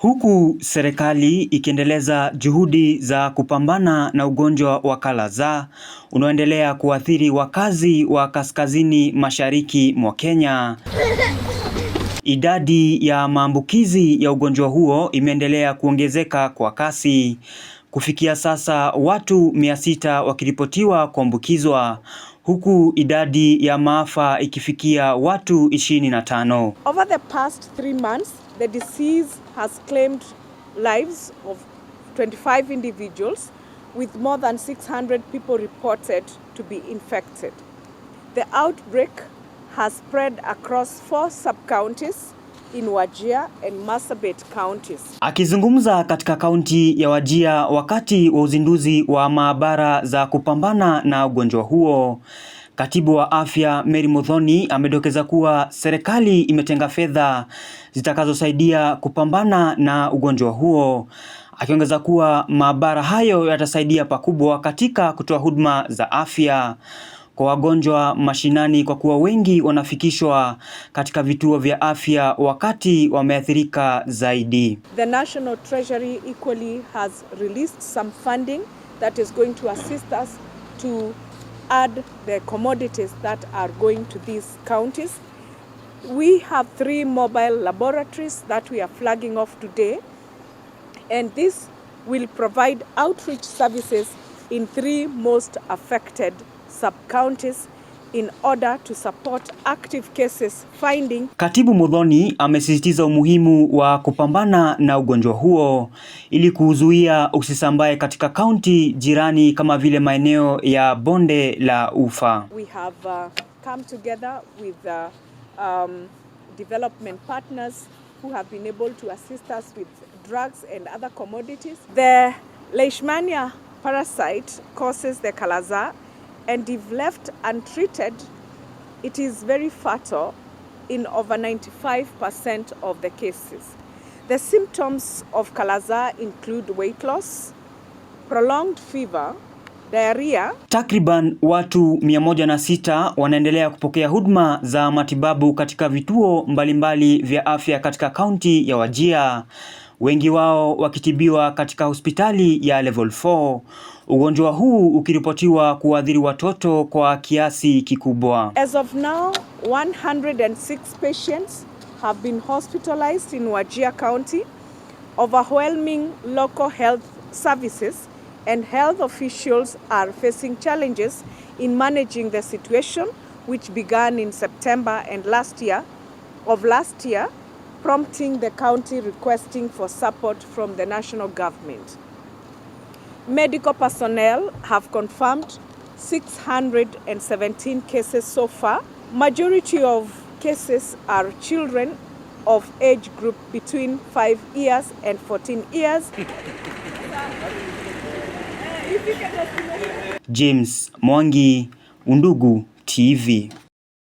Huku serikali ikiendeleza juhudi za kupambana na ugonjwa wa kalaza unaoendelea kuathiri wakazi wa kaskazini mashariki mwa Kenya, idadi ya maambukizi ya ugonjwa huo imeendelea kuongezeka kwa kasi. Kufikia sasa watu 600 wakiripotiwa kuambukizwa huku idadi ya maafa ikifikia watu 25. Over the past three months The disease has claimed lives of 25 individuals with more than 600 people reported to be infected. The outbreak has spread across four sub-counties in Wajia and Marsabit counties. Akizungumza katika kaunti ya Wajia wakati wa uzinduzi wa maabara za kupambana na ugonjwa huo Katibu wa Afya Mary Muthoni amedokeza kuwa serikali imetenga fedha zitakazosaidia kupambana na ugonjwa huo, akiongeza kuwa maabara hayo yatasaidia pakubwa katika kutoa huduma za afya kwa wagonjwa mashinani kwa kuwa wengi wanafikishwa katika vituo vya afya wakati wameathirika zaidi. The National Treasury equally has released some funding that is going to assist us to add the commodities that are going to these counties. We have three mobile laboratories that we are flagging off today, and this will provide outreach services in three most affected sub-counties in order to support active cases finding. Katibu Muthoni amesisitiza umuhimu wa kupambana na ugonjwa huo ili kuzuia usisambae katika kaunti jirani kama vile maeneo ya bonde la Ufa. We have uh, come together with uh, um, development partners who have been able to assist us with drugs and other commodities. The Leishmania parasite causes the kalaza and if left untreated, it is very fatal in over 95% of the cases. The symptoms of kala include weight loss, prolonged fever, diarrhea. Takriban watu 106 wanaendelea kupokea huduma za matibabu katika vituo mbalimbali mbali vya afya katika kaunti ya Wajir wengi wao wakitibiwa katika hospitali ya level 4, ugonjwa huu ukiripotiwa kuathiri watoto kwa kiasi kikubwa. As of now, 106 patients have been hospitalized in Wajir County, overwhelming local health services and health officials are facing challenges in managing the situation which began in September and last year of last year prompting the county requesting for support from the national government. Medical personnel have confirmed 617 cases so far. Majority of cases are children of age group between 5 years and 14 years. James Mwangi, Undugu TV.